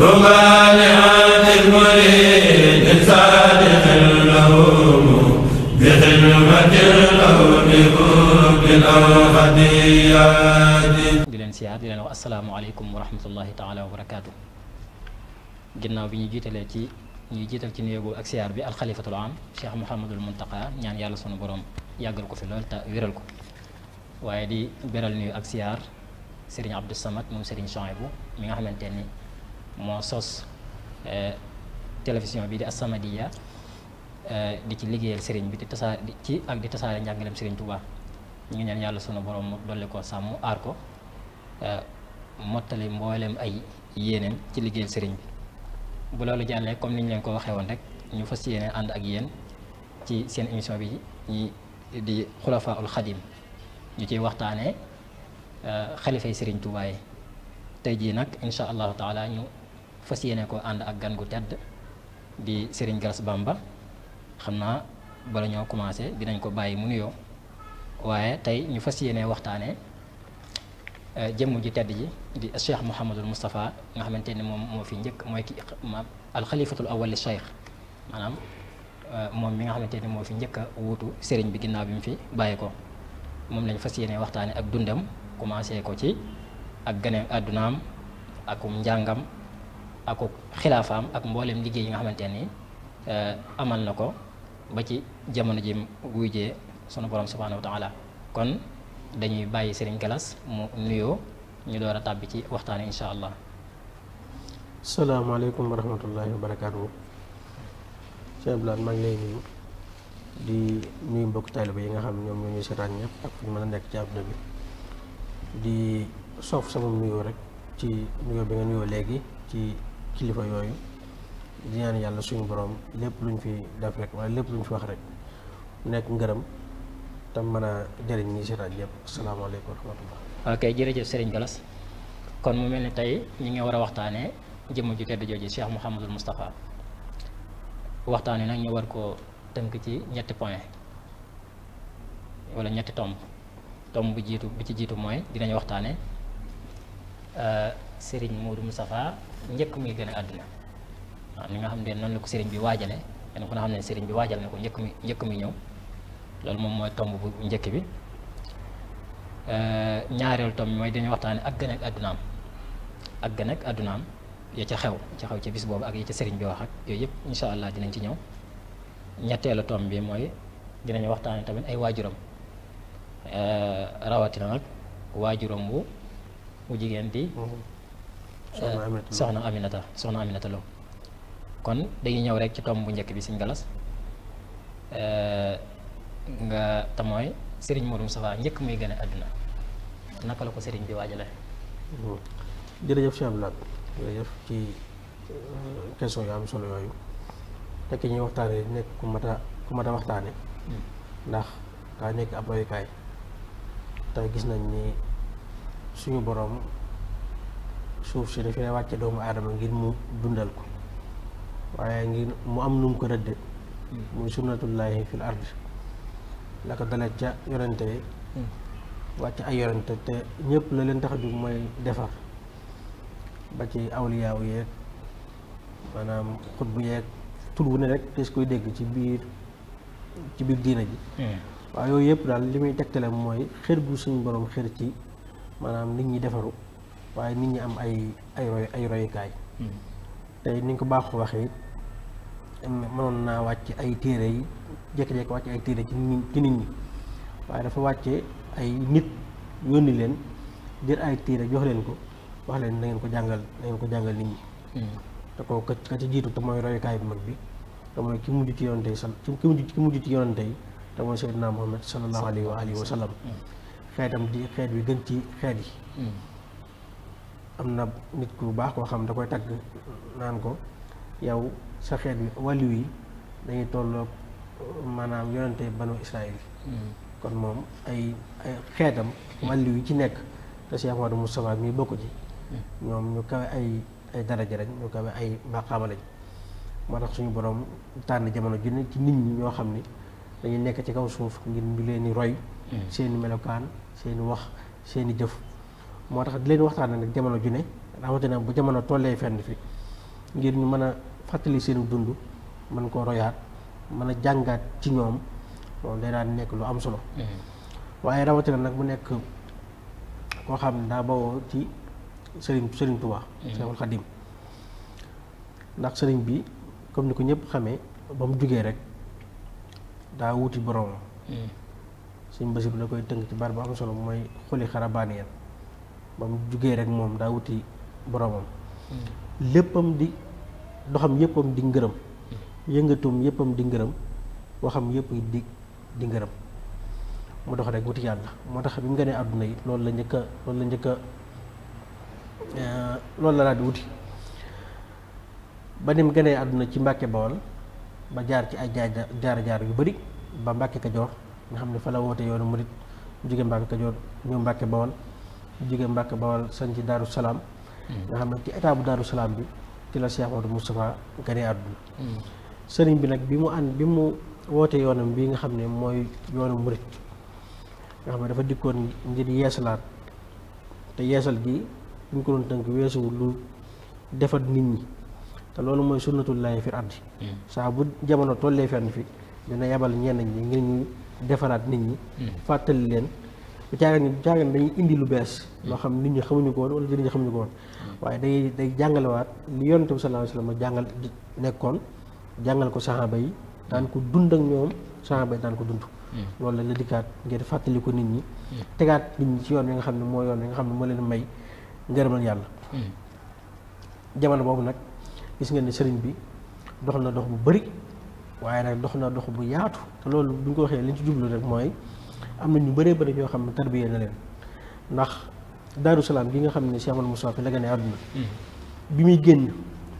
di leen siyaar di leen wax asalaamaaleykum wa rahmatullahi taala wa ginnaaw bi ñu jiitalee ci ñuy jiital ci nuyoo ak siyaar bi alxalifatul am Cheikh Mouhamadul Muntaqa ñaan yàlla sunu borom yàggal ko fi lool te di beral nuyu ak siyaar Serigne Abdou Samad moom Serigne Chouaïbou mi nga xamante moo sos eh, télévision bi di As-Samadiyya eh, di ci liggéeyal sëriñ bi di tasaa ci ak di tasaare njàngaleem sëriñ Touba ñu ngi ñaan yàlla sunu borom mu dolli ko sàmm aar ko eh, mottali mbooleem ay yéeneen ci liggéeyal sëriñ bi bu loolu jàllee comme ni ñu leen ko waxee woon rek ñu fas yéene ànd ak yéen ci seen émission bi ñu di xulafaaul xadim ñu ciy waxtaanee xalifay sëriñ Touba tey jii nag incha allahu taala ñu. fas yéene ko ànd ak gan gu tedd di Serigne Garas Bamba xam naa bala ñoo commencé dinañ ko bàyyi mu nuyoo waaye tey ñu fas yéene waxtaanee euh, jëmm ji tedd ji di Cheikh Mouhamadul Moustapha nga xamante ni moom moo fi njëkk mooy ki ma alxalifatul awwal Cheikh maanaam euh, moom mi nga xamante ni moo fi njëkk a wuutu sëriñ bi ginnaaw bi mu fi bàyyi ko moom lañ fas yéene waxtaane ak dundam commencé ko ci ak gane àddunaam akum njàngam. ak xilaafaam ak mboolem liggéey yi nga xamante ni eh, amal na ko ba ci jamono ji wujjee sunu borom subhaanahu wa taala kon dañuy bàyyi Sëriñ Galas mu nuyoo ñu door a tàbbi ci waxtaan incha allah. salaamaaleykum wa rahmatullahi wa barakaatu. Cheikh Abdoulaye mbokk taaliba yi nga xam ne ñoom ñoo ñuy seetaan ñëpp ak fu mën a nekk ci àdduna bi di soof sama nuyoo rek ci nuyoo bi nga nuyoo léegi ci kilifa yooyu di yàlla suñu borom lépp luñ fi def rek wala lépp luñ fi wax rek nekk ngërëm tam mën a jëriñ ñi seetaan yëpp asalaamaaleykum wa rahmatullah ok jërëjëf Serigne Gallas kon mu mel ni tey ñu ngi war a waxtaanee jëmm ju tedd jooju Cheikh Mouhamadul Moustapha waxtaan wi nag ñu war ko tënk ci ñetti point wala ñetti tomb tomb bu jiitu bi ci jiitu mooy dinañ waxtaane euh, Serigne Modou Moustapha njëkk muy gën a àdduna waaw ni nga xam ne noonu la ko sëriñ bi waajale kenn ku ne xam ne sëriñ bi waajal na ko njëkk mu njëkk mi ñëw loolu moom mooy tomb bu njëkk bi ñaareelu tomb mooy dañuy waxtaane ak gën ak àddunaam ak gën ak àddunaam ya ca xew ca xew ca bis boobu ak ya ca sëriñ bi wax ak yooyu yëpp incha allah dinañ ci ñëw ñetteelu tomb bi mooy dinañ waxtaane tamit ay waajuram rawatina nag waajuram wu wu jigéen di mm-hmm. Euh, soxna Aminata soxna Aminata Lo kon dañuy ñëw rek ci tomb bu njëkk bi Sëñ Galas euh, nga te mooy Serigne Modou Moustapha njëkk muy gën àdduna naka la ko sëriñ bi waajale jërëjëf Cheikh ci euh, am solo yooyu tekki ñuy waxtaanee nekk ku mat a ku mat waxtaane hmm. ndax daa nekk ab royukaay te gis nañ ni suñu borom. suuf si dafay wàcce doomu aadama ngir mu dundal ko waaye ngir mu am nu ko rëdde muy sunnatullaahi fil ard la ko ca yonente yi wàcc ay yonente te ñëpp la leen tax a mooy defar ba ci awliyaaw yeeg maanaam bu yeeg tur wu ne rek des koy dégg ci biir ci biir diina ji hmm. waaye yow yëpp daal li muy tegtale mooy xër gu suñ borom xër ci maanaam nit ñi defaru waaye nit ñi am ay ay roy ay royukaay hmm. tey ni nga ko baaxoo waxee mënoon naa wàcc ay téere yi jékki-jékki wàcc ay téere ci nit ci ñi waaye dafa wàcce ay nit yónni leen jël ay téere jox leen ko wax leen na ngeen ko jàngal na ko jàngal nit ñi hmm. te ko ka ci jiitu te mooy royukaay bu mag bi te mooy ki mujj ci yonante yi sal ki mujj ki mujj ci yonante yi te mooy Seydina Muhammad sallallahu alayhi wa alihi wa sallam hmm. xeetam di xeet bi gën ci xeet yi am na nit bu baax koo xam da koy tagg naan ko yow sa xeet bi wàllu yi dañuy tollook maanaam yonante banu Israël hmm. kon moom ay ay xeetam wàllu yi ci nekk te Cheikh Modou Moustapha mii bokk ci hmm. ñoom ñu kawe ay ay daraja lañ ñu kawe ay maqaama lañ moo tax suñu borom tànn jamono ju ne ci nit ñi ñoo xam ni dañuy nekk ci kaw suuf ngir ñu leen di roy hmm. seeni melokaan seeni wax seeni jëf moo tax di leen waxtaan nag jamono ju ne rawatina bu jamono tollee fenn fi ngir ñu mën a fàttali seen dund mën koo royaat mën a jàngaat ci ñoom loolu day daan nekk lu am solo. Mm-hmm. waaye rawatina nag mu nekk koo xam ne daa bawoo ci sëriñ sëriñ Tuubaa. Seexul mm-hmm. Xadim ndax sëriñ bi comme ni ko ñëpp xamee ba mu jugee rek daa wuti boroomam. Mm-hmm. sëriñ Basiru da koy tëng ci bar bu am solo mooy xuli xarabaani yan ba mu jugee rek moom daa wuti boroomam hmm. léppam di doxam yéppam di ngërëm hmm. yëngatum yéppam di ngërëm waxam yépp di di ngërëm mu dox rek wuti yàlla moo tax bi mu gënee àdduna yi loolu la njëkk a la njëkk a eh, loolu la daal di wuti ba ni mu gënee àdduna ci Mbàkke Bawol ba jaar ci ay jaar-jaar yu bari ba Mbàkke Kajoor nga xam ne fa la woote yoonu murit jóge Mbàkke Kajoor ñoo Mbàkke Bawol jóge Mbàkke Bawal sañ ci Daaru Salaam mm. nga xam ne ci état bu Daaru Salaam bi ci la Cheikh Modou Moustapha gane àdduna mm. sëriñ bi nag bi mu ànd bi mu wootee yoonam bi nga xam ne mooy yoonu murit nga xam ne dafa dikkoon ngir yeesalaat te yeesal gi ñu ko doon tënk weesuwu lu defar nit ñi te loolu mooy sunnatullaahi fi ardi mm. saa bu jamono tollee fenn fi dina yabal ñenn ñi ngir ñu defaraat nit ñi fàttali leen bu caagan bu caagan dañuy indi lu bees loo xam nit ñi xamuñu ko woon wala jëriñ ñi xamuñu ko woon waaye day day jàngalewaat li yonent bi sallallahu alayhi wasallam jàngal nekkoon jàngal ko saxaaba yi daan ko dund ak ñoom saxaaba yi daan ko dund hmm. loolu la la dikkaat ngir fàttali ko nit ñi hmm. tegaat nit ñi ci yoon wi nga xam ne moo yoon wi nga xam ne moo leen may ngërëmal yàlla hmm. jamono boobu nag gis ngeen ne sëriñ bi dox na dox bu bëri waaye nag dox na dox bu yaatu te loolu bu ñu ko waxee li ñu ci jublu rek mooy am na ñu bëree bëri ñoo xam ne tarbiyee na leen ndax daaru salaam gi nga xam ne Cheikh Amadou Moussa fi la gane àdduna mm-hmm. bi muy génn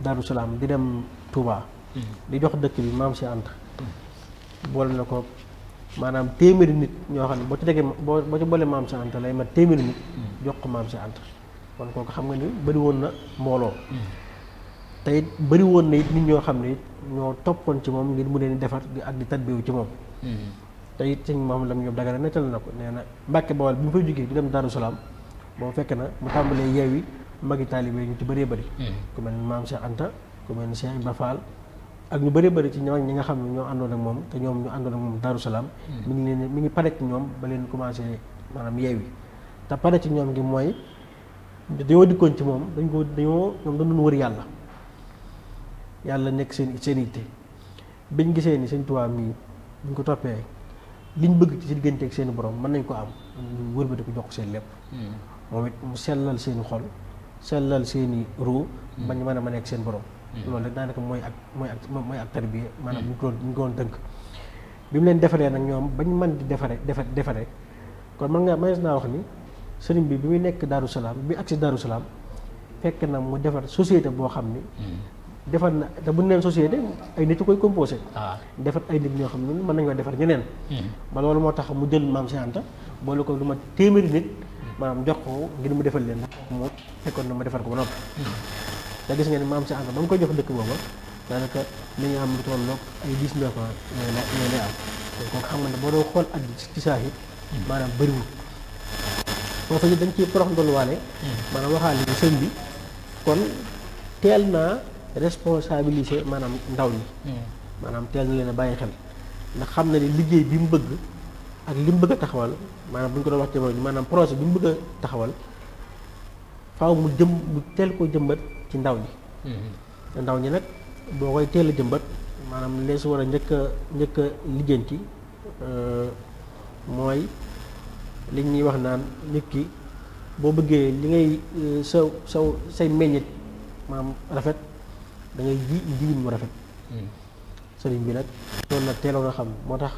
daaru salaam di dem Touba. Mm-hmm. di jox dëkk bi maam si Anta mm-hmm. boole na ko maanaam téeméeri nit ñoo xam ne boo ci degee boo boo ci maam si Anta lay mat téeméeri nit jox ko maam si Anta kon kooku xam nga ni bariwoon na mbooloo tey it bëri woon na it nit ñoo xam ne it ñoo toppoon ci moom ngir mu leen defar ak di tadbiwu ci moom te it sëñ Mouhamed Lam Diop Dagana nettal na ko nee na Mbàkke Bawal bi mu fay jógee di dem Daaru Salaam boobu fekk na mu tàmbalee yeewi magi taalibe ñu ci bëree bëri mm-hmm. ku mel maam Cheikh Anta ku mel ni Cheikh Ibrahima ak ñu bëree bëri ci ñooñ ñi nga xam ne ñoo àndoon moom te ñoom ñu moom Daaru Salaam mm-hmm. mi ngi leen mi ngi pare ci ñoom ba leen commencé maanaam yeewi te pare ci ñoom gi mooy dañoo dikkoon ci moom dañ ko dañoo ñoom dañ doon wër yàlla yàlla nekk seen seen itte biñ gisee ni sëñ Tuubaa mii buñ ko toppee liñ bëgg ci diggante ak seeni borom mën nañ ko am ñu wëlbati ko jox ko seen lépp hmm. moom it mu sellal seeni xol sellal seeni ruu hmm. bañ ñu a mën a nekk seen borom hmm. loolu rek daanaka mooy ak mooy ak mooy ak tarbiya maanaam ñu ko ñu ko doon tënk bi mu leen defaree nag ñoom bañ mën di defare defa defare kon mën nga mënees naa wax ni sëriñ bi bi muy nekk Daaru Salaam bi agsi Daaru Salaam fekk na mu defar société boo xam ni defar na te bu ñu neen société ay nit koy composé. Ah. defar ay nit ñoo xam ne mën nañoo defar ñeneen. Hmm. ba moo tax mu jël maam si Anta boole ko lu ma téeméeri nit maanaam jox ko ngir mu defal leen mu fekkoon na ma defar ko ba noppi. te gis ngeen ne maam si Anta ba mu koy jox dëkk booba daanaka li nga am lu tolloog ay dix neuf ans ñooy la ñooy lay am. kooku xam nga ne boo doon xool at ci saa yi. Hmm. maanaam bëriwul. foofu it dañ ciy porox ndolwaale. Hmm. a waxaale sëñ bi kon teel naa. responsabiliser maanaam ndaw ñi. Hmm. maanaam teel na leen a bàyyi xel ndax xam na ni liggéey bi mu bëgg ak li mu bëgg a taxawal maanaam bu ñu ko doon wax jamono ji maanaam projet bi mu bëgg taxawal faw mu jëm mu teel ko jëmbat ci ndaw ñi. Hmm. te ndaw ñi nag boo koy teel a jëmbat maanaam lees war a njëkk a njëkk a lijjanti euh, mooy li ñuy wax naan nit ki boo bëggee li ngay saw euh, saw say meññit maanaam rafet. dangay ngay ji jiwin mu rafet. Hmm. sëriñ bi nag loolu la teeloon a xam moo tax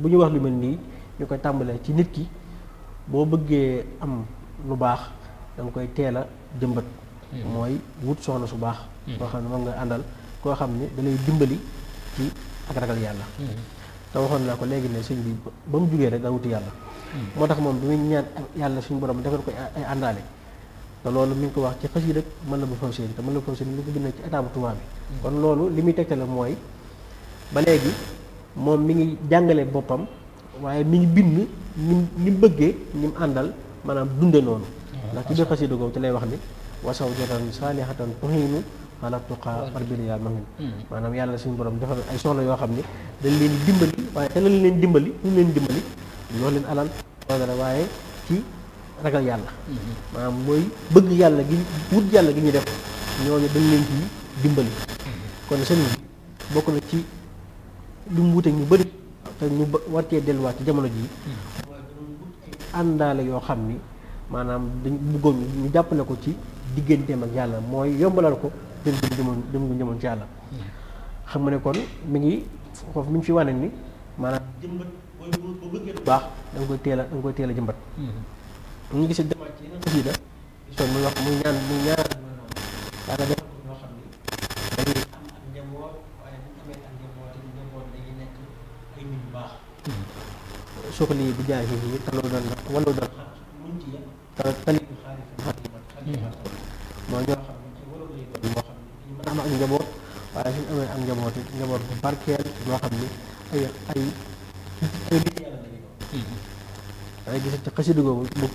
bu ñu wax lu mel nii ñu koy tàmbalee ci nit ki boo bëggee am lu baax da koy teel a jëmbat. Hmm. mooy wut soxna su baax. Hmm. koo xam ne moom nga àndal koo xam ne da lay dimbali ci ak ragal yàlla. te waxoon naa ko léegi ne sëñ bi ba mu jógee rek daa wuti yàlla. moo tax moom bi muy ñaan yàlla suñu borom defal koy ay àndaale. te loolu mu ngi ko wax ci xës rek mën la bu faw séeni te mën la bu faw séeni mi ngi ko bind ci état tubaab bi mm. kon loolu li muy tegte mooy ba léegi moom mi ngi jàngale boppam waaye mi ngi bind ni ni mu bëggee ni mu àndal maanaam dunde noonu mm. ndax ci biir xasida googu ci lay wax ni wasaw jotan saalihatan tuhiinu ala tuqa arbili yaa mahin mm. maanaam yàlla suñu borom defal ay soxla yoo xam ne dañ leen dimbali waaye te la leen dimbali ñu leen dimbali ñoo leen alal waaye ci ragal yàlla maanaam mooy bëgg yàlla gi wut yàlla gi ñu def ñooñu dañ leen ci dimbali kon sëriñ bi bokk na ci lu mu wuteeg ñu bari te ñu ba cee delluwaat ci jamono jii àndaale yoo xam ni maanaam dañ bëggoon ñu jàppale ko ci digganteem ak yàlla mooy yombalal ko dem gu jëmoon dem gu jëmoon yàlla xam nga ne kon mu ngi foofu mi ngi fi wane ni maanaam jëmbat booy baax da nga koy teel a koy teel a jëmbat ñu ngi si a ci yeneen xasida gisoon muy wax mu ñaan muy ñaan yàlla defal ko ñoo xam ne dañuy am ak njaboot bu amee ak njaboot yi njaboot dañuy nekk ay nit yu baax suxli bi jaay yi yi talo doon la wala doon xaar muñ ci yem te tali bi xaari ñoo xam ne ci a am ak njaboot waaye suñu amee am njaboot njaboot bu barkeel ñoo xam ne ay ay waaye gis ci xasida googu bu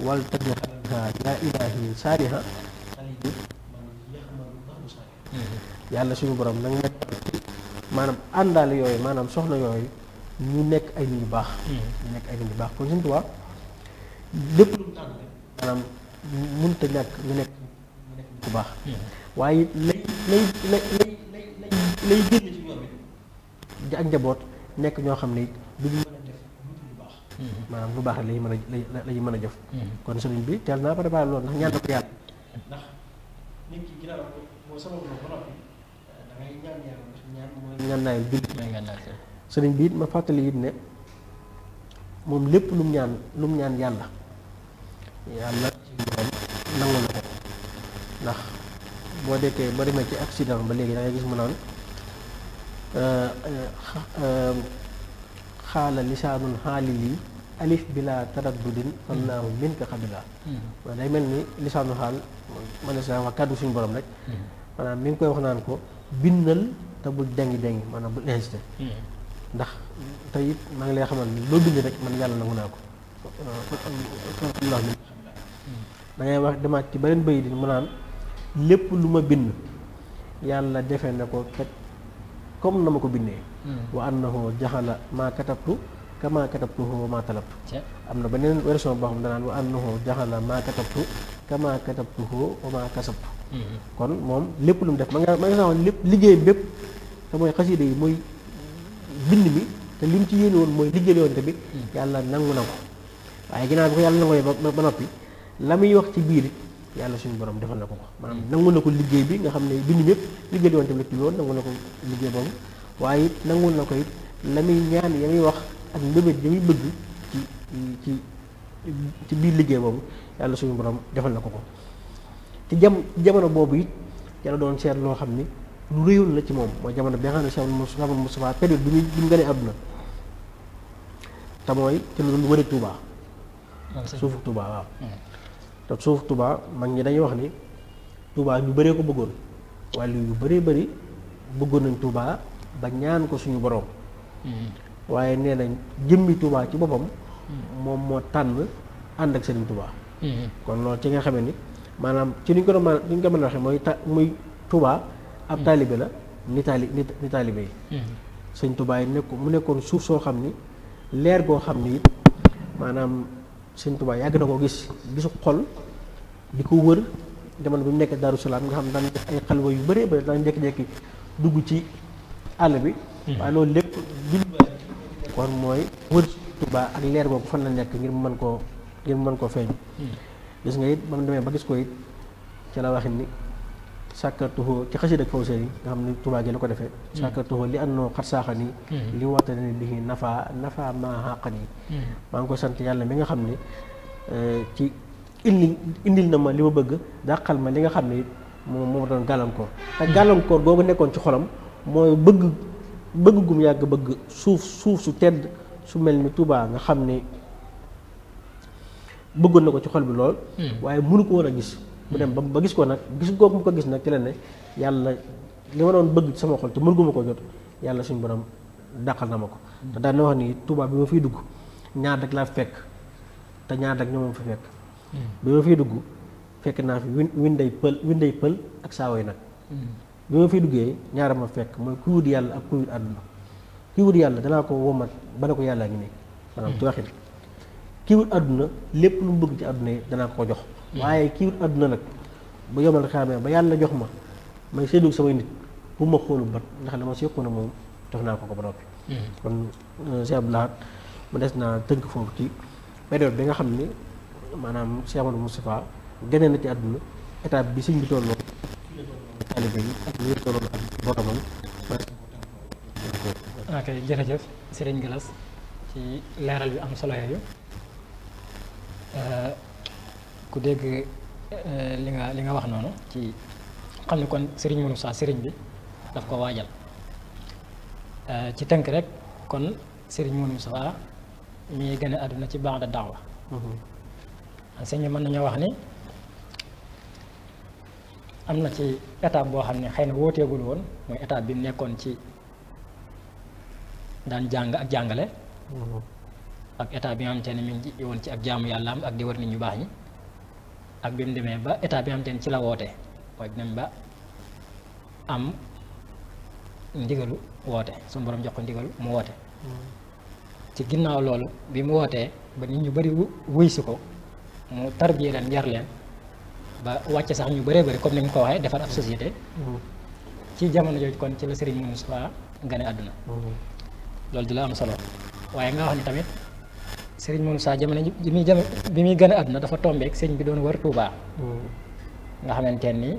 waltajal anha yaa ilaahi saaliha saalihi man yaxmalu lahu saaliha yàlla suñu borom nag nekk maanaam àndaale yooyu maanaam soxla yooyu ñu nekk ay nit yu baax ñu nekk ay nit yu baax kon suñu tubaab lépp lu mu tànn maanaam mënut a ñàkk ñu nekk ñu bu baax waaye lay lay lay lay lay lay génn ci ñoom ak njaboot nekk ñoo xam ne duñu maanaam lu baax la ñu mën a la ñu mën a jëf. Mm-hmm. kon sëriñ bi teel loolu ndax ñaan na ko yàlla. ndax nit ki ginnaaw boo sabablu ba noppi eh, da ñaan yàlla ndax ñaan mooy it ma fàttali it ne moom lépp lu mu ñaan lu mu ñaan yàlla yàlla nangu na ko ndax boo dekkee ba demee ci accident ba léegi da gis mu naan. Eh, eh, xaala lisaanun xaali lii alif bila taraddudin allahu minka xabila hmm. waaw day mel ni lisaanu xaal man sa wax kàddu suñu borom rek hmm. maanaam mi ngi koy wax naan ko bindal te bul dengi dengi te maa ngi lay xamal loo bind rek man yàlla nangu naa ko hmm. da wax demaat ci beneen bay di mu naan lépp lu ma bind yàlla defee na ko kat comme na ma ko bindee wa annahu jaxala maa katabtu kama katabtuhu wa ma talabtu am na beneen version boo xam danaan wa annahu jaxala ma katabtu kama katabtuhu wa ma kasabtu mhm. kon moom lu mu def ma nga ma nga saxoon lépp liggéey bépp te mooy bind mi te li ci yéene woon mooy liggéey woon tamit mhm. yàlla nangu na ko waaye ginnaaw bi ko yàlla ba ba noppi la muy wax ci biir yàlla suñu borom defal na ko ko maanaam mhm. nangu na ko liggéey bi nga xam ne bind mépp liggéey woon tamit ci loolu nangu na ko liggéey boobu waaye nangu na ko it la muy ñaan ya muy wax ak mbébét yi muy bëgg ci ci ci biir liggéey boobu yàlla suñu boroom defal na ko ko te jam jamono boobu it yàlla doon seet loo xam ni lu réyoon la ci moom mooy jamono bi nga xam ne Cheikh Mouhamadou Moustapha période bi muy bi mu gënee àdduna te mooy te lu doon wëri Touba suufu Touba waaw hmm. te suufu Touba mag ñi dañuy wax ni Touba ñu bëree ko bëggoon wàllu yu baree bëri bëggoon nañ Touba ba ñaan ko suñu boroom hmm. waaye nee nañ jëmmi Touba ci boppam. moom moo tànn ànd ak Serigne Touba. Mm-hmm. kon lool ci nga xamee ni maanaam ci liñ ko doon maanaam liñ ko mën a waxee mooy ta muy Touba. ab mm-hmm. taalibe la ni taali ni taalibe yi. Mm-hmm. sëñ Touba nekk mu nekkoon suuf soo xam ni leer goo xam ni it maanaam sëñ Touba yàgg na ko gis gisu xol di ko wër jamono bi mu nekk Darou nga xam daan def ay xalwa yu bëree bëri daan jekki jékki dugg ci àll bi. waaye loolu lépp kon mooy wër Tuubaa ak leer googu fan la nekk ngir mu mën koo ngir mu mën koo feeñ hmm. gis nga it ba mu demee ba gis ko it ci la waxin ni sàkkatuhoo ci xasida ak faw seen yi nga xam ne Tuubaa gi la ko defee hmm. sàkkatuhoo li andona xat saaxan yi hmm. li waxta ne bi nafa nafa maa xàqan yi maa sant yàlla mi nga xam ne ci indi indil na ma li ma bëgg dàqal ma li nga xam ne moom moo doon gàllankoor te gàllankoor googu nekkoon ci xolam mooy bëgg bëgg gum yàgg bëgg suuf suuf su tedd su mel ni tuubaa nga xam ne bëggoon na ko ci xol bi lool. Hmm. waaye mënu koo woon a gis. mu dem ba gis ko nag gis googu mu ko gis nag ci la ne yàlla li ma doon bëgg sama xol te mënu guma ko jot yàlla suñu borom dàqal na ma ko. te daan na wax ni Touba bi ma fiy dugg ñaar rek laa fekk te ñaar rek ñoom fi fekk. Hmm. bi ma fiy dugg fekk naa fi win winday pël winday pël ak saawoy nag. Hmm. bi ma fi duggee ñaara ma fekk mooy kuy wut yàlla ak kuy wut àdduna kuy wut yàlla danaa ko womat ba ne ko yàllaa ngi nekk maanaam tooxin kii àdduna lépp lu mu bëgg ci àdduna danaa ko jox waaye kii wut nag ba yomal xaamee ba yàlla jox ma may séddu samay nit bu ma xoolu bat ndax la ma seqoon moom jox naa ko ko ba noppi kon euh, Cheikh mu des naa tënk foofu ci période bi nga xam ne maanaam Cheikh Amadou Moustapha na ci àdduna étape bi sëñ bi tolloo taalibe yi ak ñi tolloon ak boromam ok jërëjëf Sëriñ Galas ci leeral bi am solo yooyu euh, ku dégg euh, li nga li nga wax noonu ci xam ne kon sëriñ Mourou Moussa sëriñ bi daf ko waajal euh, ci tënk rek kon sëriñ Mourou Moussa mi gën àdduna ci baax da daawa mhm. sëñ bi mën nañoo wax ni am na ci étape boo xam ne xëy na wóoteegul woon mooy étape bi nekkoon ci daan jàng ak jàngale mm-hmm. ak état bi nga xamante ne mi ngi woon ci ak jaamu yàlla am ak di wër nit ñu baax ñi ak bi mu demee ba état bi nga xamante ci la woote mooy dem ba am ndigalu woote suñu borom jox ko ndigalu mu woote mm-hmm. ci ginnaaw loolu bi mu wootee ba nit ñu bari wuy si ko mu tarbiye leen yar leen ba wàcce sax ñu bare bëri comme ni nga ko waxee defar ab société mm-hmm. ci jamono jooju kon ci la sëriñ Moustapha gane àdduna mm-hmm. loolu di la am solo waaye nga wax ni tamit sëriñ Moustapha jamono bi muy jam bi muy gane àdduna dafa tombeek sëriñ bi doon wër tuubaa mm-hmm. nga xamante ni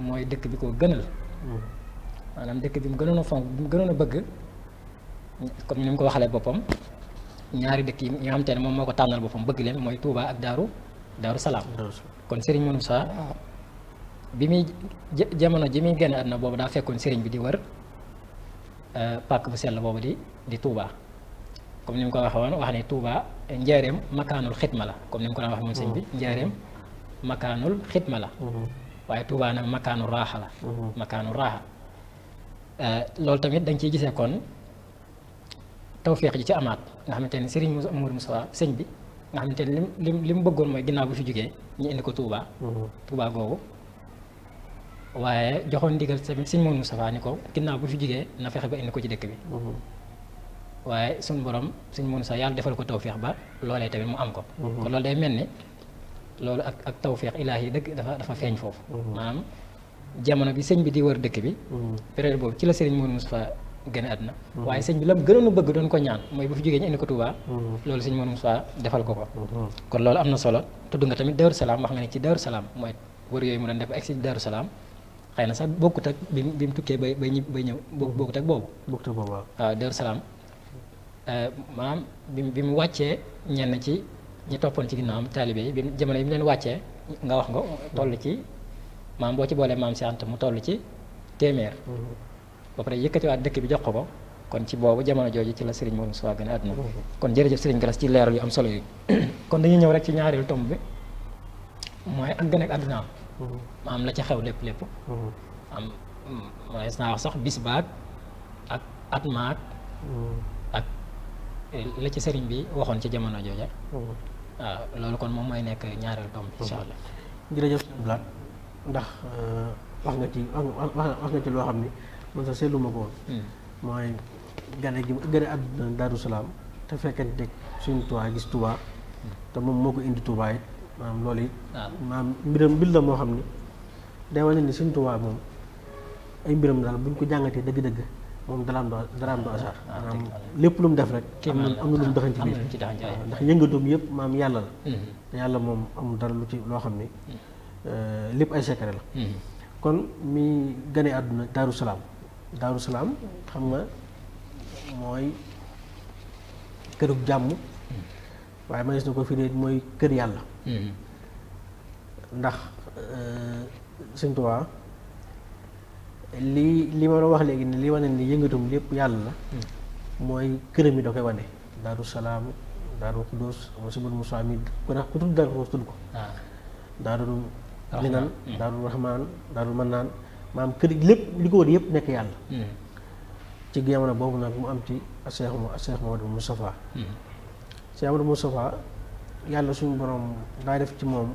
mooy dëkk bi ko gënal maanaam dëkk bi mu gënoon a fonk bi mu gënoon bëgg comme ni mu ko waxalee boppam ñaari dëkk yi nga xamante ne moom moo ko tànnal boppam bëgg leen mooy tuubaa ak Daaru daaru salaam kon sëriñ Moussa bi muy jamono ji muy génn àdduna boobu daa fekkoon sëriñ bi di wër euh, pàkk bu la boobu di di Touba comme ni mu ko waxee woon wax ne Touba njaareem makaanul xitma la comme ni mu ko daan waxee bi mm-hmm. njaareem makaanul xitma la mm-hmm. waaye Touba nag makaanu raaxa la mm-hmm. makaanu raaxa euh, loolu tamit dañ nga ciy gisee kon tawféex ji ci amaat nga xamante ne sëriñ Mourou Moussa sëñ bi nga xamante ne lim li mu bëggoon mooy ginnaaw bi fi jógee ñu indi ko Touba. Mhm. Touba googu waaye joxoon ndigal tamit sëñ Maodo Moustapha ni ko ginnaaw bu fi jógee na fexe ba indi ko ci dëkk bi. Mhm. waaye suñu borom sëñ Maodo sax yàlla defal ko tawféex ba loolee tamit mu am ko. Mhm. kon loolu day mel ni loolu ak ak tawféex ilaahi dëgg dafa dafa feeñ foofu. maanaam jamono bi sëñ bi di wër dëkk bi. période boobu ci la sëriñ Maodo Moustapha. gëne àdduna mhm. waaye sañ bi lam gënoon a bëgg doon ko ñaan mooy bu fi jógee ñu indi ko Touba mhm. loolu sëñ Manoum saa defal ko ko mhm. kon loolu am na solo tudd nga tamit Daaru Salaam wax nga ne ci Daaru Salaam mooy wër yooyu mu doon def agsi Daaru Salaam xëy na sax bokkut ak bi bi mu tukkee bay bay bay ñëw bokkut ak boobu waaw Daaru Salaam euh, maanaam bi bi mu wàccee ñenn ci ñu toppoon ci am taalibe yi bi jamono yi mu leen wàccee nga wax nga toll ci maam boo ci boolee maam si Anta mu toll ci téeméer ba pare yëkkatiwaat dëkk bi jox ko ko kon ci boobu jamono jooju ci la Serigne Mourou Moussa gën a àdduna kon jërëjëf Serigne Gallas ci leeral yu am solo yi kon dañuy ñëw rek ci ñaareelu tomb bi mooy ak gën ak àdduna am mm-hmm. la ca xew lépp lépp mm-hmm. am mm, mooy naa sax bis baag ak at mm-hmm. eh, ci sëriñ bi waxoon ci jamono jooja waaw loolu kon moom mooy nekk ñaareelu tomb bi insha allah jërëjëf Blaat ndax euh, wax nga ci loo xam ni man sax seetlu ko woon. Hmm. mooy gane gi gane àdduna Daaru Salaam te fekkente suñ Tuubaa gis tubaa hmm. te moom moo ko indi tubaa it maanaam loolu it. Ah. maanaam mbiram mbir la moo xam ne day wane ni tubaa moom ay mbiram daal buñ ko jàngatee dëgg-dëgg moom daraam do asar ah, lépp lu mu def rek. am na am na lu mu doxanti biir yëpp maam yàlla hmm. yàlla moom amul dara lu ci loo xam ne euh, lépp ay secret la. kon mi gane àdduna Daaru Salaam. daaru salaam xam nga mooy kërug jàmm waaye manees na ko firee mooy kër yàlla mm-hmm. ndax euh, sëñ Tuubaa li li ma la wax léegi ne li wane ni yëngatum lépp yàlla la mm-hmm. mooy këram yi da koy wane daaru salaam daaru Xuddoos mosibul ku tudd daaru Xuddoos tudd ko ah. daaru minan mm-hmm. daaru Rahmaan daaru Mannaan maam kër lépp li ko yëpp nekk yàlla. Hmm. ci jamono boobu nag mu am ci Cheikh Cheikh Mamadou Moustapha. Hmm. Cheikh Mamadou Moustapha yàlla suñu borom daa def ci moom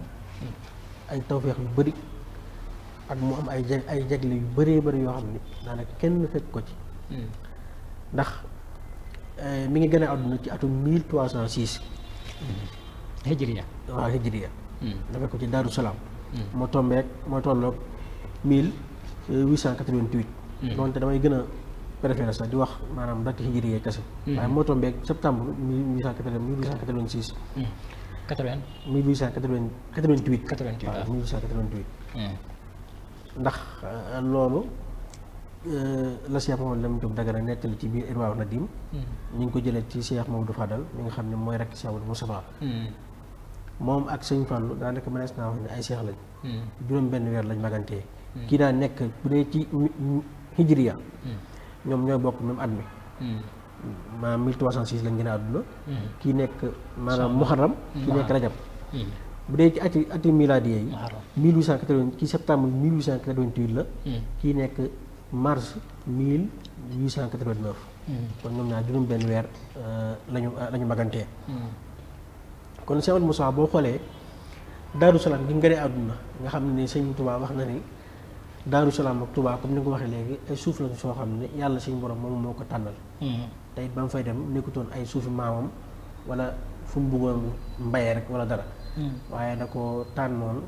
ay tawféex yu bari ak mu am ay jag ay jagle yu bëree bari yoo xam ni daanaka kenn fekk ko ci. Hmm. ndax eh, mi ngi gën a àdduna ci atum mille trois cent six. hijriya waaw hijriya. dafa ko ci Daaru Salaam. moo tombeek moo tolloog mille. 888. Hmm. donte damay gën a préféré sax di wax maanaam date hijriye kese. Hmm. waaye moo tombé septembre 1880 1886. 80. 1888. 88 waaw 1888. Ah. Hmm. ndax euh, loolu euh, la Cheikh Mamadou Lamine Diop Dagana nettali ci biir Irwaaw Nadim. ñu ngi ko jëlee ci Cheikh Mamadou Fadal mi nga xam ne mooy rek Cheikh Mamadou Moustapha. moom ak sëñ Fallou daanaka mënees naa wax ne ay Cheikh lañ. juróom benn weer lañ magantee. Hmm. kii daa nekk bu dee ci hijriya hmm. ñoom ñooy bokk même at mi hmm. maanaam mille trois cent six lañ gën a àdduna kii nekk maanaam muharram kii nekk rajab bu dee ci ati ati miladiye yi mille huit cent kii septembre mille huit cent quatre kii nekk mars mille huit cent quatre kon ñoom ñaar juróom benn weer euh, lañu euh, lañu magantee kon Cheikh Moussa boo xoolee Daaru Salaam gi mu gënee àdduna nga xam ne Sëñ Tuubaa wax na ni Daaru Salaam ak Touba comme ni nga ko waxee léegi ay suuf lañ soo xam ne yàlla suñu borom moom moo ko tànnal. Mm-hmm. tey it ba mu fay dem nekkutoon ay suufi maamam wala fu mu bëggoon mbayee rek wala dara. Mm-hmm. waaye da ko tànnoon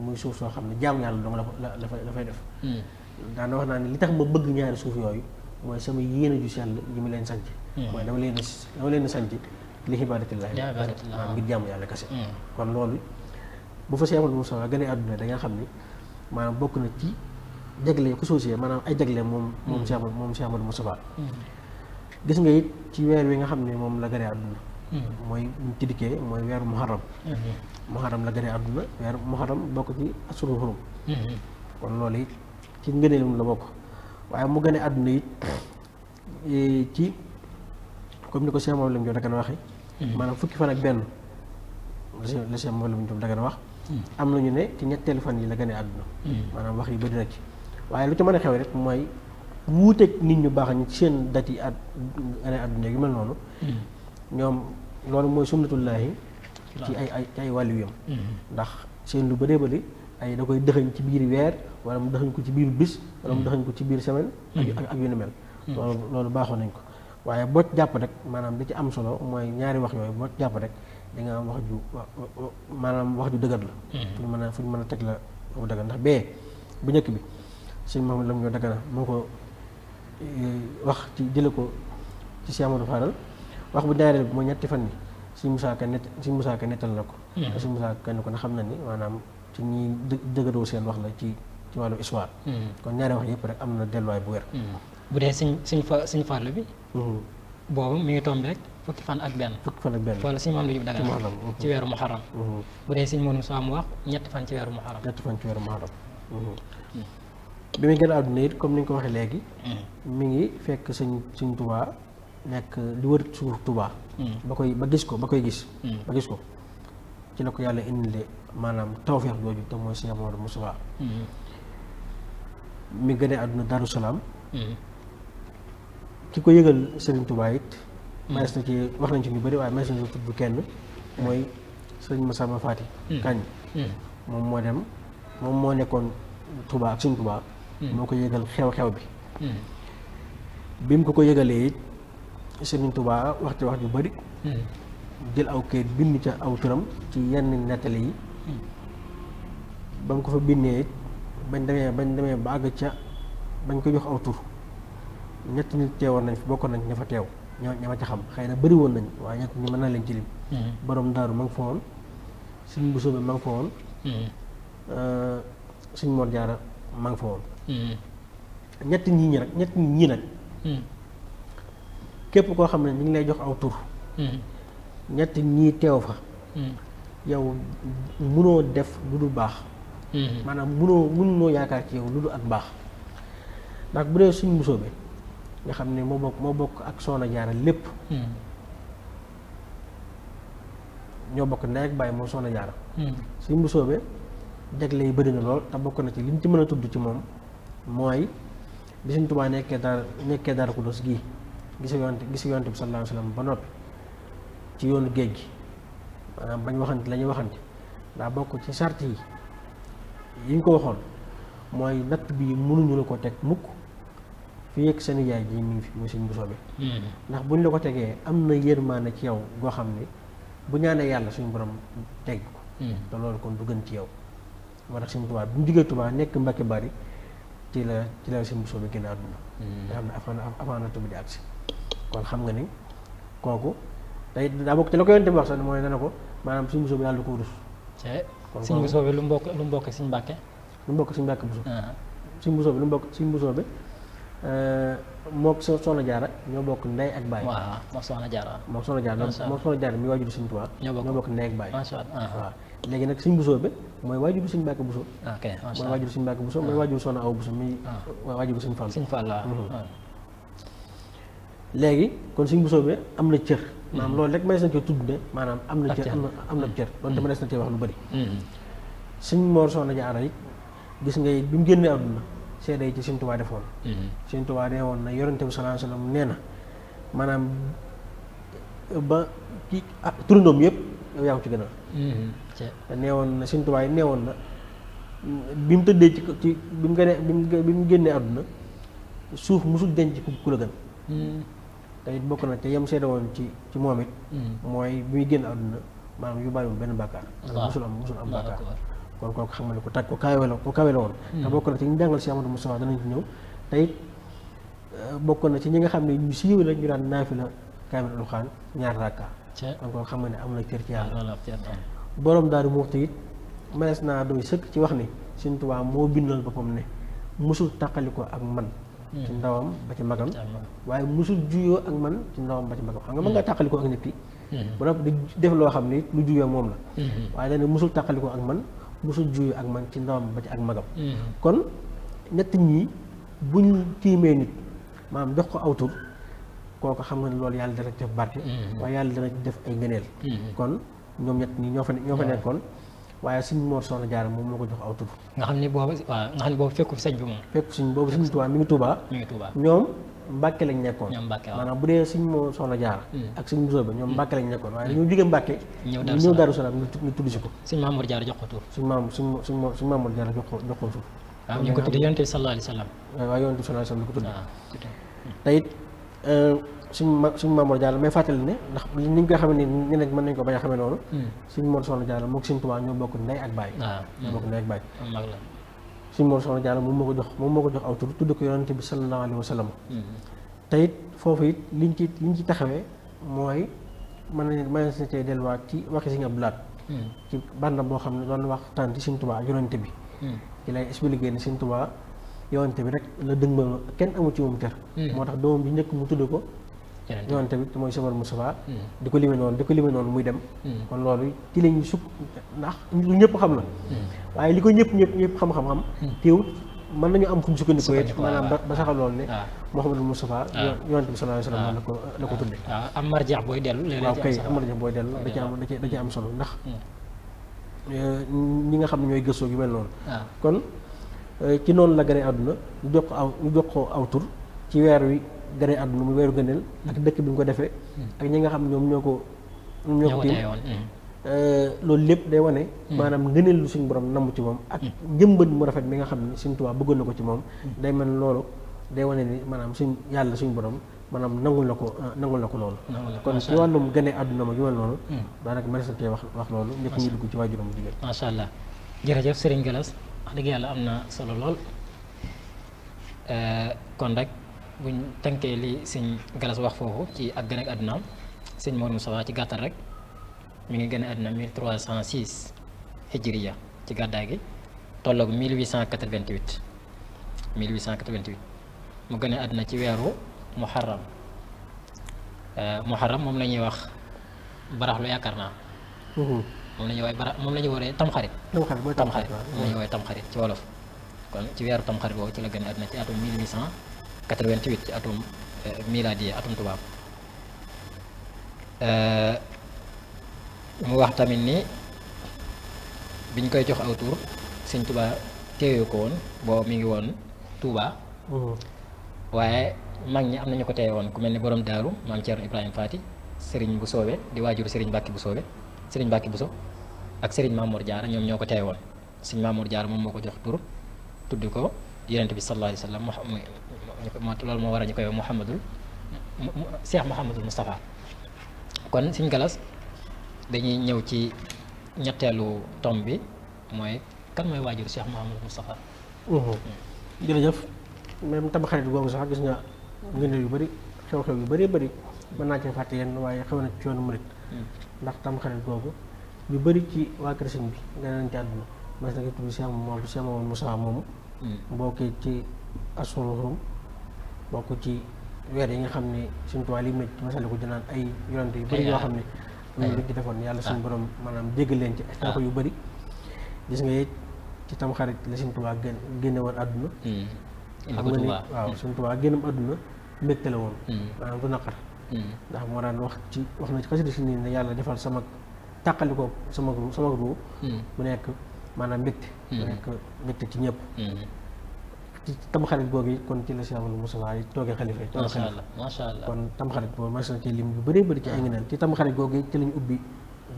muy suuf soo xam ne jaam yàlla dong la la la fay def. Mm-hmm. daanaka wax naa ne li tax ma bëgg ñaari suuf yooyu mooy sama yéene ju sell yi mu leen sanc. mooy dama leen a dama leen a sanc li xibaadatillahi maanaam ngir jaamu yàlla kese. kon loolu bu fa Cheikh Moussa gën a àdduna da nga xam ne maanaam bokk na ci. jagle xusuus yi maanaam ay jagle moom moom mm. Cheikh moom Cheikh Amadou Moustapha mm. gis nga it ci weer wi nga xam ne moom la gane àdduna mm. mooy buñ ci dikkee mooy weeru muharram mm-hmm. muharram la gane àdduna weeru muharram bokk ci asuru mm-hmm. kon loolu la bokk mu gane àdduna it e, ci comme ni ko Cheikh Mawlana Diop Dagana waxee mm-hmm. maanaam fukki fan ak benn la Cheikh Mawlana Diop Dagana wax am nañu ne ci ñetteelu fan yi la gane àdduna maanaam wax yi bëri na ci waaye lu ci mën a xew rek mooy wuuteeg nit ñu baax ci seen date yi at année adduna yu mel noonu. Mm-hmm. ñoom loolu mooy sunnatullaahi ci ay ay ci ay wàllu yam mm-hmm. ndax seen lu bëree bëri ay da koy dëxañ ci biir weer wala mu dëxañ ko ci biir bis wala mu mm-hmm. dëxañ ko ci biir semaine. ak ak yu ni mel. loolu loolu baaxoon nañ ko. waaye boo jàpp rek maanaam li ci am solo mooy ñaari wax yooyu boo jàpp rek di am wax ju maanaam wax ju dëgër la. fu ñu mën a mën a teg la bu dëgër ndax bee bu njëkk bi. sëñ Mamadou Lam ñoo Dagana moo ko eh, wax ci jële ko ci Cheikh Amadou wax bu ñaareel bi mooy ñetti fan yi sëñ Moussa Ka net sëñ nettal na ko hmm. sëñ Moussa Ka ne ko na xam na ni maanaam ci ñuy dëgëroo seen wax la ci ci wàllu histoire hmm. kon ñaari wax yëpp rek am na delluwaay bu wér hmm. bu dee sëñ sëñ fa sëñ Fallou bi boobu mu ngi tombé rek fukki fan ak benn fukki fan ak benn wala suñu maam lu jub daga ci weeru muharram bu dee sëñ Modou Moussa mu wax ñetti fan ci weeru muharram ñetti fan ci weeru bi muy gën a àdduna it comme ni nga ko waxee léegi. Hmm. mi ngi fekk sëñ sëñ Tuubaa nekk li wër suuf Tuubaa. Hmm. ba koy ba gis ko ba koy gis. Hmm. ba gis ko ci la ko yàlla indile maanaam tawféex jooju te mooy Cheikh Mouhamadou Moustapha. àdduna Darou Salaam. ki ko yëgal Serigne Touba it. maes na nañ ci ñu bëri waaye maes na ci kenn mooy Serigne Massamba kañ moom moo dem moom moo nekkoon tubaa ak Serigne Hmm. moo ko yëgal xew-xew bi hmm. bi ko ko yëgalee it Serigne wax ci wax ju bari hmm. jël aw kayit bind ca aw turam ci yenn nettali yi ba mu ko fa bindee bañ demee bañ demee ba àgg ca bañ ko jox aw tur ñett nit teewoon nañ fi bokkoon nañ ña fa teew ñoo ña ma ca xam xëy na bari woon nañ waaye ñett ñi mën naa leen ci lim borom daaru ma nga fa woon suñ Bousso bi ma nga fa woon euh, suñ Mor Jaara ma nga fa woon Hmm. ñetti ñii ñi nag ñetti ñii nag. Hmm. képp koo xam ne ñu ngi lay jox aw tur. Hmm. ñett ñii teew fa. yow munoo def lu dul baax. maanaam munoo munoo yaakaar ci yow lu dul ak baax ndax bu dee suñ musoo bi nga xam ne moo bokk moo bokk ak soxna jaara lépp. ñoo bokk ndey ak bàyyi moom soxna jaara. suñ musoo bi jagle bëri na lool te bokk na ci liñ ci mën a tudd ci moom. mooy bi Sëñ Tuubaa nekkee daara nekkee daara Xuddoos gii gisu yonent gisu yonent bi sallallahu wa sallam ba noppi ci yoonu géej gi maanaam bañ waxante la ñuy waxante bokk ci sart yi yi ko waxoon mooy natt bi mënuñu ko teg mukk fi yëg seen yaay ji mi ngi fi mu Sëñ Buso bi ndax buñ la ko tegee am na yërmaane ci yow goo xam ne bu ñaanee yàlla suñu borom teg ko mm-hmm. te loolu kon du gën ci yow moo tax Sëñ Tuubaa bi mu jógee Tuubaa nekk Mbàkke Bari ci la ci la si mosoo bi génn àdduna mm. nga xam ne avant avant natt bi di kon xam nga ni kooku te daa bokk ci la ko yonte bi wax ko maanaam suñu mosoo bi yàlla du ko rus suñu mosoo bi lu mu bokk lu mu bokk suñu mbàkke lu mu bokk suñu mbàkke mosoo suñu mosoo bi lu mu bokk euh, so soxna jaara ñoo bokk ndey ak baay waaw mook soxna jaara mook soxna jaara mook soxna jaara mi waajur suñu ñoo bokk ndey ak baay léegi nag sëñ Bousso bi mooy waajuru sëñ Mbàkke Bousso ok mooy waajuru sëñ Mbàkke Bousso mooy ah. waajuru Soxna Awa Bousso mi ah. waajuru sëñ Fall sëñ Fall ah. Mhm. léegi kon sëñ buso bi am na cër maanaam mhm. loolu rek ma des na cee tudd ne maanaam am na cër am na am na cër loolu dama des mhm. na cee wax lu bëri sëñ Mor Soxna Jaara it gis nga it bi mu génnee àdduna seede yi ci sëñ Tuubaa defoon sëñ Tuubaa nee woon na yorente bi sallallahu alayhi wasallam nee na maanaam ba ki turandoom yëpp yow yaa ko ci gën te neewoon na Sëñ Tuubaa neewoon na bi mu tëddee ci ci bi mu gënee bi mu génnee àdduna suuf musul denc ku ku la gën mm. te it bokk na te yem seede woon ci ci moom it mm. mooy muy génn àdduna maanaam yóbbaale wu benn bàkkaar musul am musul am bàkkaar kon kooku xam tag ku kawe la ku kawe la woon mm. te bokk na ci ñu jàngal si Amadou ñëw te it euh, bokk na ci ñi nga xam ne ñu siiw la ñu daan naafi la kaamil alxuraan ñaar rakka kon kooku ne am na cër ci borom daaru muxti it mënees naa doy sëkk ci wax ni Sëñ Tuubaa moo bindal boppam ne musul taqali ko ak man ci hmm. ndawam ba ci magam waaye musul juyoo ak man ci ndawam ba ci magam xam nga mën ngaa hmm. taqali ak nit ki hmm. loo xam ne lu juyoo moom la waaye dañ ne musul ak man musul juyoo ak man ci ndawam ba ci ak magam kon ñett bu ñu tiimee nit maanaam jox ko aw tur kooku xam nga ne loolu yàlla dana ci def yàlla dana def ay ngëneel kon ñoom ñett ñi ñoo fa ñoo fa nekkoon waaye suñ Mor Soxna Jaara moom moo ko jox aw tudd nga xam ni boobu waaw nga xam ni boobu fekku sëñ bi moom fekku suñ boobu suñ Tuubaa nekkoon maanaam bu dee suñ Mor Soxna Jaara ak suñ Musóobe ñoom Mbàkke lañ nekkoon hmm. hmm. waaye hmm. ñu jóge Mbàkke ñëw Daaru Salaam ñu tudd si ko suñ Maamoor Jaara jox jox ko jox ko tur waaw ñu ko tudd yonent suñ ma suñ Mamour Diallo may fàttali ne ndax ni ñu koy xamee ni ñeneen mën nañu a xamee noonu. Hmm. suñ Mor Soxna Diallo moog suñ Tuubaa ñoo bokk ndey ak baay. waaw ah, ñoo hmm. bokk ndey ak baay. suñ Mor Soxna Diallo moom moo ko jox moom moo ko jox aw tur tudd ko yonent bi sallallahu alayhi wa hmm. te it foofu it liñ ci liñ ci taxawee mooy man mën nañu mën nañu tey delluwaat ci waxi si nga blaat. ci bànn boo xam ne doon waxtaan ci suñ Tuubaa yonent bi. ci lay expliqué ne suñ Tuubaa bi rek la dëgmal kenn amu ci moom ter moo tax doomam bi njëkk mu tudd ko yoon tamit mooy chauffeur Moustapha hmm. di ko lime noonu di ko lime noonu muy dem hmm. kon loolu ci la ñuy sukk ndax ñu ñëpp xam la hmm. waaye li ko ñëpp ñëpp xam-xam-xam teewut mën nañu am fu mu sukkandiku it maanaam ba saxal loolu ne ah. Mouhamadou Moustapha ah. yonent bi sallallahu alayhi wa sallam la ko ah. la ko tudde am marjax booy dellu am marjax booy da ci am da am solo ndax ñi nga xam ne ñooy gëstoo gi mel noonu kon eh, ci noonu la gane àdduna ñu jox ko aw ñu jox ko aw tur ci weer wi gane àdduna mu weeru gëneel ak dëkk bi mu ko defee ak ñi nga xam ñoom ñoo ko ñoo ko tiim mm. euh, loolu lépp day wane mm. maanaam ngëneel lu suñu borom namm ci moom ak mm. njëmbët mu rafet mi nga xam ne Sëriñ Tuubaa bëggoon na ko ci moom day mel loolu day wane ni maanaam suñ yàlla suñu borom maanaam nangul na ko euh, nangul ko loolu kon ci wàllum gane àdduna ma yu mel noonu daanaka ma resatee wax wax loolu njëkk ñu dugg ci waajuram jigéen macha allah jërëjëf Sëriñ Galas wax dëgg yàlla am na solo lool euh, buñ tënkee li sëñ Galas wax foofu ci ak gën ak àddunaam sëñ Mor Moussa ci gàttal rek mu ngi gën a àdduna 1306 hijriya ci gàddaay gi tolloog 1888 1888 mu gën a àdduna ci weeru muharram euh, muharram moom la ñuy wax baraxlu yaakaar naa. Mm-hmm. moom la ñuy woowee bara moom la ñuy woowee tamxarit. tamxarit mooy tamxarit moom la ñuy tamxarit ci wolof kon ci weeru tamxarit boobu ci la gën a àdduna ci atum 1800. 88 ci atum euh, miladi atum tubaab euh, mu wax tamit ni biñ koy jox aw tur sëñ Tuubaa teewe ko woon boobu mi ngi woon Tuubaa mm-hmm. waaye mag ñi am nañu ko teewe woon ku mel ni borom daaru maam Thierno Ibrahima Faati sëriñ bu soobe di waajuru seriñ Mbàkke bu soobe sëriñ Mbàkke bu so ak sëriñ Mamour Diarra ñoom ñoo ko teewe woon sëriñ Mamour Diarra moom moo ko jox tur tudd ko yonent bi sallallahu alayhi wa sallam ñu ko moo loolu moo waral ñu koy wax Mouhamadul Cheikh Mouhamadul Moustapha kon Sëñ Galas dañuy ñëw ci ñetteelu tom bi mooy kan mooy waajur Cheikh Mouhamadul Moustapha. jërëjëf même tabaxarit googu sax gis nga ngëneel yu bari xew-xew yu bari bari mën naa cee fàtte yenn waaye xew na ci yoonu murit hmm. ndax tamxarit googu ñu bari ci waa kër sëñ bi nga neen ci àdduna mas na ko moom Cheikh moomu hmm. bokkee ci assurance bokk ci weer yi nga xam ne suñu tuwaay li mu ci masale ko dinaan ay yonante yu bëri yoo xam ne am luñ defoon yàlla suñu ah. borom maanaam dégg leen ci ay ah. yu bëri gis nga yit ci tamxarit la suñu tuwaay gén génne woon àdduna hmm. xam nga ni waaw hmm. suñu tuwaay génnam àdduna mbégte la woon hmm. maanaam du naqar ndax moo daan wax ci wax na ci xasida si nii ne yàlla defal sama tàqali ko sama sama ruu mu nekk maanaam mbégte mu nekk mbégte ci ñëpp ci tamxarit googu it kon ci la Cheikh Amadou Moussa yi toogee xalifa yi toogee xalifa macha allah kon tamxarit boobu mas na ci lim yu bëree bëri ci ay ngëneel ci tamxarit googu ci lañu ubbi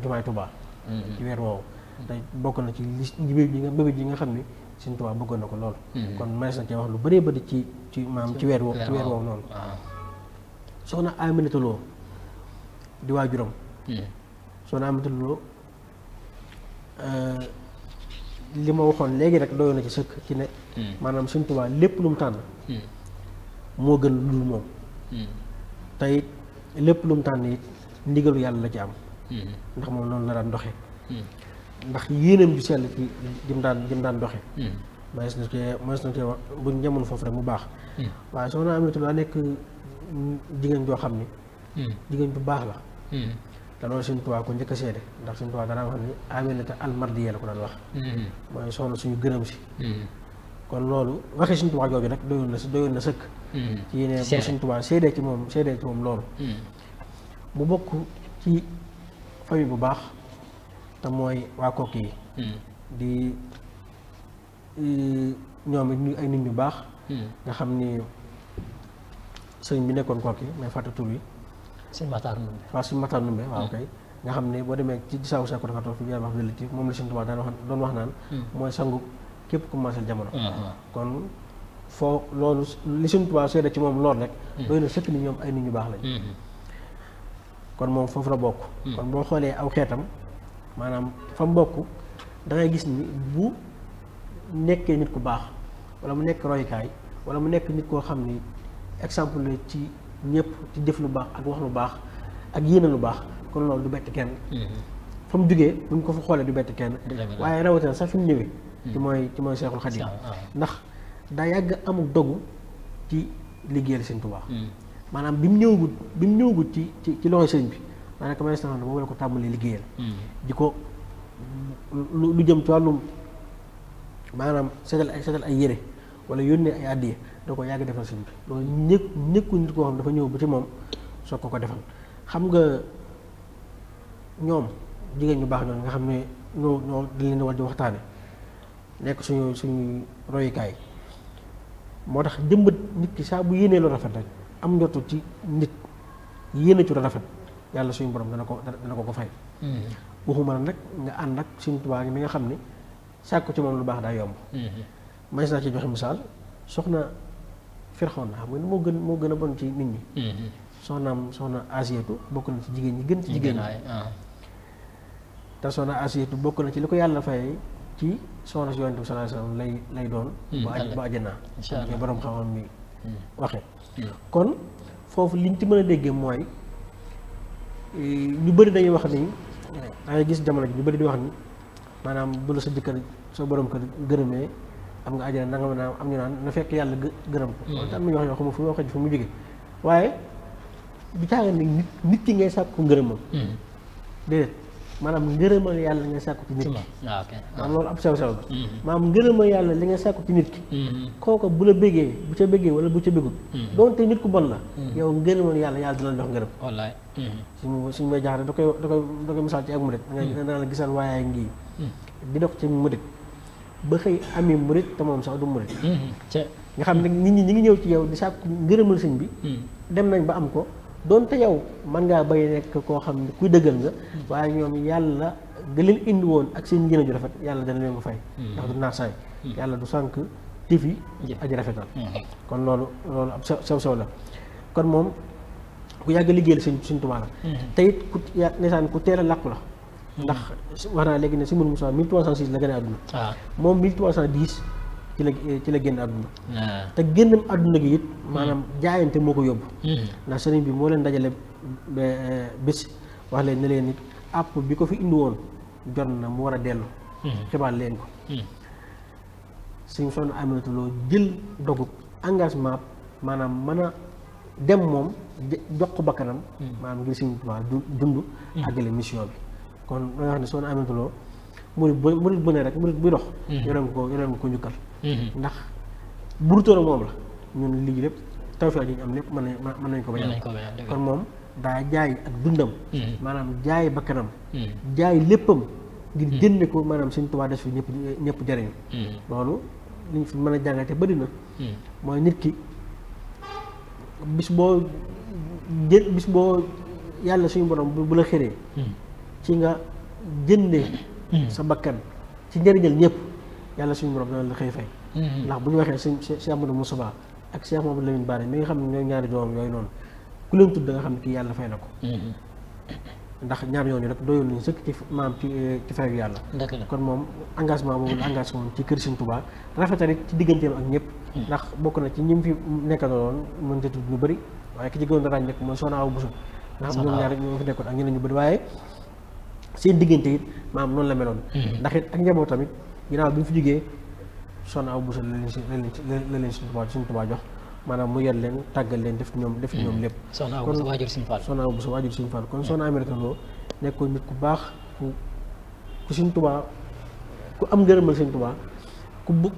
jumaay Tuubaa mm-hmm. ci weer woowu tey bokk na ci li mbébét yi yi nga xam ni Sëñ Tuubaa na ko lool mm-hmm. kon mas na ci wax lu bëree bëri ci ci maam ci weer woowu ci weer woowu noonu soxna Aminata Lo di waajuram mm-hmm. soxna Aminata Lo euh, li ma waxoon léegi rek doyoon na ci sëkk ci ne. Hmm. maanaam suñ Tuubaa lépp lu mu tànn. Hmm. moo gën lu moom. Hmm. te lépp lum mu tànn it ndigalu yàlla la ci am. ndax moom loolu na daan doxe ndax yéenam ju sell ci jëm daan jëm daan doxe mais na cee mais na cee wax buñ jamono foofu rek mu baax. waaye soxna Aminatu daa nekk jigéen joo xam ni. jigéen bu baax la. te loolu Sëñ Tuubaa ko njëkk a ndax Sëñ Tuubaa danaa wax ni aminata almardiya la ko daan wax mm-hmm. mooy soxna suñu gërëm si mm-hmm. kon loolu waxee Sëñ Tuubaa jooju nag doyoon na doyoon na sëkk mm-hmm. ci ne bu Sëñ Tuubaa seedee ci moom seedee ci moom loolu mu bokk ci famille bu baax te mooy waa kokki yi di e, ñoom ay nit ñu baax nga xam ni sëriñ bi nekkoon kokki may fàtte tur yi sëñ Matar Ndumbe waaw sëñ Matar Ndumbe waaw kay nga xam ne boo demee ci gisaawu sako dafa toog fi jërë wax relatif moom la sëñ Tuubaa daan wax doon wax naan hmm. mooy sangu képp ku maasal jamono hmm, hmm. kon foo loolu li sëñ Tuubaa seede ci moom lool rek doy na sëkk ni ñoom ay nit ñu baax lañ kon moom foofu la bokk kon boo xoolee aw xeetam maanaam fa mu bokk da ngay gis ni bu nekkee nit ku baax wala mu nekk roykaay wala mu nekk nit koo xam ni exemple la ci ñëpp ci def lu baax ak wax lu baax ak yéene lu baax kon loolu du bett kenn. Mhm. fa mu jógee bu ñu ko fi xoolee du bett kenn. waaye rawatina sax fi mu ñëwee. Mhm. ci mooy ci mooy Seexul Xadiim ndax daa yàgg amul dogu ci liggéeyal Sëñ Tuubaa. Mhm. maanaam bi mu ñëwagut bi mu ñëwagut ci ci ci loxo sëñ bi daanaka may sax moom ko tàmbalee liggéeyal. di ko lu jëm ci wàllum maanaam seetal ay seetal ay yére wala yónnee ay àddiya da ko yàgg defal sëñ bi loolu ñëkk ñëkku nit koo xam dafa ñëw ba ci moom soo ko ko defal xam nga ñoom jigéen ñu baax ñoom nga xam ne ñoo ñoo di leen war di waxtaane nekk suñu suñu royukaay moo tax jëmbët nit ki saa bu yéenee lu rafet rek am njortu ci nit yéene ci lu rafet yàlla suñu borom dana ko dana ko ko fay. Mm-hmm. waxuma la nag nga ànd ak suñu tubaab mi nga xam ne sàkku ci moom lu baax daa yomb. Mm-hmm. may naa ci joxe misaal soxna. firxaw na xam nga moo gën moo gën a bon ci nit ñi. Mm-hmm. soxnaam soxna Asiyatu bokk na ci jigéen ñi gën ci jigéen ñi. Ah. te soxna Asiyatu bokk na ci li ko yàlla fay ci soxna si yonent bi sallallahu alayhi wasallam lay lay doon. Mm-hmm. ba aj ba ajjanaa. incha allah borom xam-xam bi mm-hmm. waxee. kon foofu liñ ci mën a déggee mooy e, ñu bëri dañuy wax ni da gis jamono ji ñu bëri di wax ni maanaam bu la sa jëkkër sa borom kër gërëmee. am nga àjjana na naam am ñu naan na fekk yàlla gërëm ko hmm. loolu tam am na yoo waaye du caaga nit nit ki ngay sàkku ngërëmam hmm. déedéet ah, ah. Hmm. maanaam ngërëmal yàlla li nga sàkku ci nit ki maanaam loolu ab sew sew la maanaam ngërëmal yàlla li nga sàkku ci nit ki kooku bu la bëggee bu ca bëggee wala bu ca bëggut doonte nit ku bon la yow ngërëmal yàlla yàlla dina la jox ngërëm wallaay suñu suñu may da koy da koy da koy misaal ci ak murit danga la gisal waaye ngi di dox ci murit ba xëy ami murit te moom sax du murit mm-hmm. nga xam ne nit ñi ñi ngi ñëw ci yaw di sàkk ngërëmal sëñ bi mm-hmm. dem nañ ba am ko doonte yow man ngaa bay nekk koo xam ne kuy dëggal nga mm-hmm. waaye ñoom yàlla nga leen indi woon ak seen njëriñ ju rafet yàlla dana leen ko fay ndax du naasaay yàlla du sànq tifi aji rafetal kon loolu loolu ab sew sew la kon moom ku yàgg liggéeyal sëñ sëñ Tuubaa la te it ku ndeysaan ku teel a làqu la ndax wax naa léegi ne si mën Moussa 1306 la gën a àdduna. waaw ah. moom 1310 ci la ci la génn àdduna. Ah. te génnam àdduna gi it hmm. maanaam jaayante moo ko yóbbu. Hmm. ndax sëriñ bi moo leen dajale eh, bés wax leen ne àpp bi ko fi indi woon jot na mu war a dellu. Hmm. xibaar leen ko. suñu soxna Aminata Lo jël dogu engagement maanaam mën a dem moom jox bakkanam. maanaam ngir suñu dund àggale mission bi. kon da nga xam ne bu murit bu ne mhm. ko yoreel nga ko njukkal. Mhm. ndax burutoon moom la ñun lii lépp tawfeex ji lépp mën nañ mën nañ ko bañ kon daa jaay ak dundam. Mhm. maanaam jaay bakkanam. jaay léppam. ngir jënd ko maanaam suñ tubaab des fi ñëpp ñëpp jariñu. loolu liñ fi mën a jàngate bëri na. mooy nit ki bis boo jël bis boo yàlla suñu borom bu la xëree. ci nga jëndee sa bakkan ci njëriñal ñëpp yàlla suñu borom dana la xëy fay mm-hmm. ndax bu ñu waxee sëñ Cheikh Amadou Moussa ak Cheikh Mamadou Lamine Bara mi nga xam ne ñooy ñaari doom yooyu ku leen tudd da xam ne yàlla fay na ko mm-hmm. ndax ñaar ñooñu rek doyoon nañu sëkk ci maam ci eh, ci fayu yàlla kon moom engagement boobu la engagement ci kër Sëñ Tuubaa rafetal it ci digganteem ak ñëpp mm-hmm. ndax bokk na ci ñi mu fi nekkaloon mën ta tudd ñu bëri waaye ki ci gënoon ràññeeku mooy Soxna Awa Bousso nga xam ñoom ñaar ñoo fi nekkoon ak ñeneen ñu waaye seen diggante it maam noonu la meloon. Mhm. ndax it ak njaboot tamit ginnaaw bi ñu fi jógee sonn aw busa la leen si la leen si la leen suñu tubaab suñu tubaab jox maanaam mu yar leen tàggal leen def ñoom def ñoom mhm. lépp. sonn aw busa waajur suñu faal sonn aw busa waajur suñu faal kon mhm. sonn américain loo nekkoon nit ku baax ku ku suñu tubaab ku am ngërëmal suñu tubaab ku bu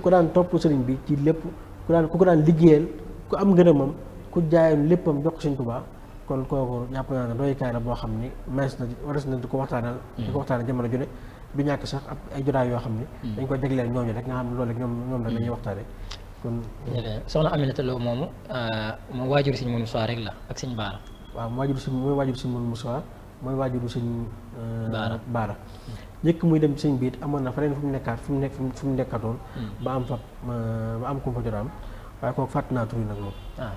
ku daan topp sëriñ bi ci lépp ku daan ku ko daan liggéeyal ku am ngërëmam ku jaayoon léppam jox suñu tubaab kon kooku jàpp naa ne royukaay la boo xam ni mees na waras na di ko waxtaanal di ko waxtaanal jamono ju ne bi ñàkk sax ab ay yoo xam ne hmm. dañ ko jagleel ñooñu rek nga xam ne loolu rek ñoom ñoom la dañuy hmm. waxtaane kon soxna Aminata Lo moomu euh, moom waajur sëñ mënu soir rek la ak sëñ baara waaw waajur sëñ mooy waajur sëñ mënu soir mooy waajuru sëñ euh, baara baara hmm. njëkk muy dem sëñ biit amoon na feneen fu mu nekkaat fu mu nekk fu mu nekkatoon ba am fa euh, ba am ko fa jotaam waaye kooku fàtt naa tur yi nag moom ah,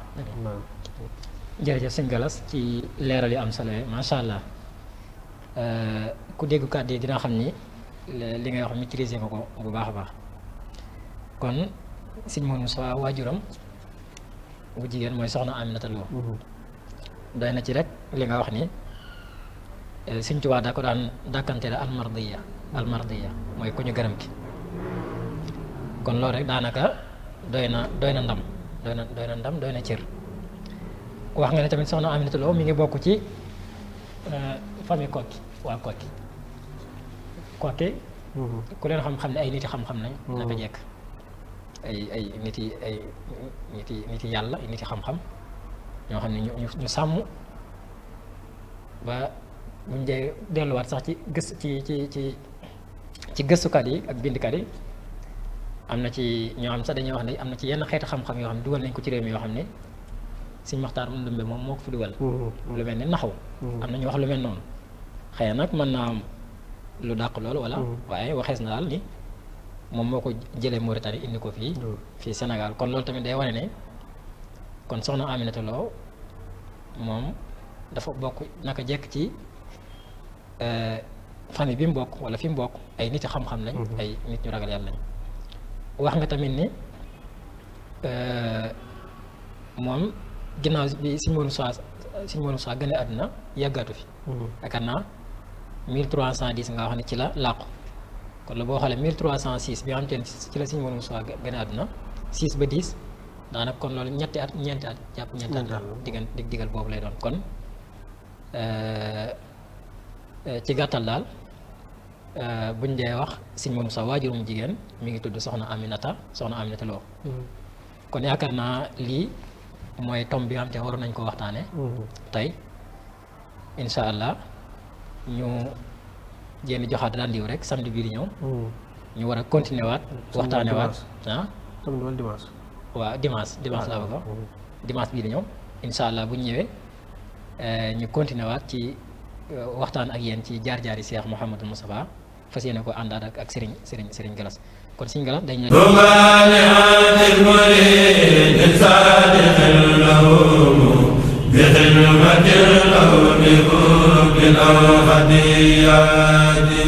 jërëjëf sëñ Galas ci leeral yi am solo macha allah euh, ku déggu kàdd yi dina xam ni li ngay wax maîtriser nga ko bu baax a baax kon sëñ moom sa waajuram bu jigéen mooy soxna Aminata Lo mhm. doy na ci rek li nga wax ni euh, sëñ Tuubaa daa ko daan dàkkante la almardiya almardiya mooy ku ñu gërëm ki kon loolu rek daanaka doy na doy na ndam doy na doy na ndam doy na cër wax nga ne tamit soxna Aminata Lo mi ngi bokk ci euh, famille Kokki waa Kokki Kokki mhm. ku leen xam-xam ne ay nit yi xam-xam lañ mhm. naka jekk ay ay nit yi ay nit yi nit yi yàlla ay nit yi xam-xam ñoo xam ne ñu ñu sàmm ba buñ dee delluwaat sax ci gës ci ci ci ci gëstukat yi ak bindkat yi am na ci ñoo xam sax dañuy wax ne am na ci yenn xeetu xam-xam yoo xam ne dugal nañ ko ci réew mi yoo xam ne sëñ Maxtaar mu ndumbe moom moo ko fi dugal. Mm-hmm. Mm-hmm. lu mel ne naxaw. Mm-hmm. am na ñu wax lu mel noonu. xëy nag mën naa am lu dàq loolu walla waaye waxees na ni moom moo ko jëlee Mauritanie indi ko fii. fii Sénégal kon loolu tamit day wane ne kon soxna Aminata Lo moom dafa bokk naka jekk ci. Euh, famille bi mu bokk wala fi mu bokk ay nit xam-xam lañ. ay nit ñu ragal yàlla lañ. wax nga tamit ni euh, moom ginnaaw bi sëñ Moodu Musaa sëñ Moodu Musaa gën a àdduna yàggatu fi hmm. yaakaar naa 1310 nga wax ne ci la làqu kon la boo xoolee 1306 bi nga xam te ne ci la sëñ Moodu Musaa gën a àdduna 6 ba 10 daanaka kon loolu ñetti at ñeenti at jàpp ñetti at hmm. diggan diggal boobu lay doon kon euh, euh, ci gàttal daal euh, buñ dee wax sëñ Moodu Musaa waajurum jigéen mi ngi tudd soxna Aminata soxna Aminata Lo hmm. kon yaakaar naa lii mooy tomb bi nga xam te waroon nañ ko waxtaane mhm. tey incha allah ñu jéem joxaat rendez rek samedi bii di ñëw. Mhm. ñu war a continuer waat. waxtaane waat ah. samedi wala waaw dimanche dimanche laa bëgg a mhm. dimanche bii di ñëw incha allah bu ñu ñëwee eh, ñu continuer waat ci eh, waxtaan ak yéen ci jaar-jaari Cheikh Mouhamadou Moustapha fas yéene ko àndaat ak ak Serigne Serigne Serigne Gallas kon sëñ Gala dañ la.